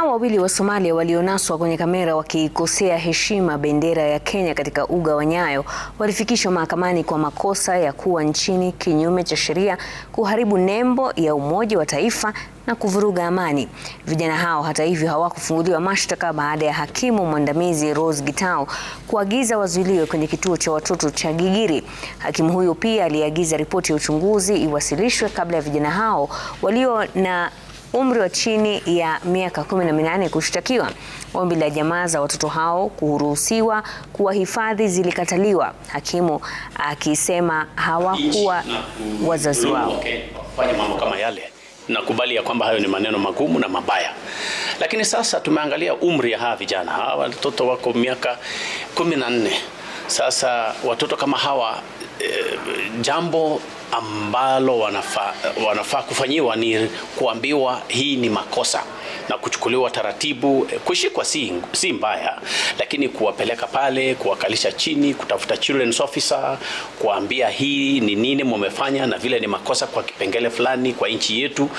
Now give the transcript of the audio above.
Raia wawili wa Somalia walionaswa kwenye kamera wakiikosea heshima bendera ya Kenya katika uga wa Nyayo walifikishwa mahakamani kwa makosa ya kuwa nchini kinyume cha sheria, kuharibu nembo ya Umoja wa Taifa na kuvuruga amani. Vijana hao hata hivyo hawakufunguliwa mashtaka baada ya hakimu mwandamizi Rose Gitau kuagiza wazuiliwe kwenye kituo cha watoto cha Gigiri. Hakimu huyo pia aliagiza ripoti ya uchunguzi iwasilishwe kabla ya vijana hao walio na umri wa chini ya miaka 18 kushtakiwa. Ombi la jamaa za watoto hao kuruhusiwa kuwa hifadhi zilikataliwa, hakimu akisema hawakuwa wazazi wao. Nakubali ya kwamba hayo ni maneno magumu na mabaya, lakini sasa tumeangalia umri ya hawa vijana hawa watoto wako miaka kumi na nne. Sasa watoto kama hawa Eh, jambo ambalo wanafaa wanafa kufanyiwa ni kuambiwa hii ni makosa na kuchukuliwa taratibu. Eh, kushikwa si, si mbaya, lakini kuwapeleka pale, kuwakalisha chini, kutafuta children's officer, kuambia hii ni nini mumefanya na vile ni makosa kwa kipengele fulani kwa nchi yetu.